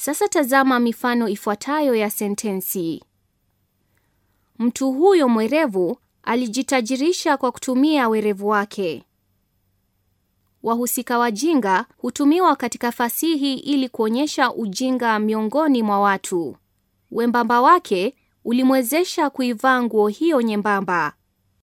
Sasa tazama mifano ifuatayo ya sentensi. Mtu huyo mwerevu alijitajirisha kwa kutumia werevu wake. Wahusika wajinga hutumiwa katika fasihi ili kuonyesha ujinga miongoni mwa watu. Wembamba wake ulimwezesha kuivaa nguo hiyo nyembamba.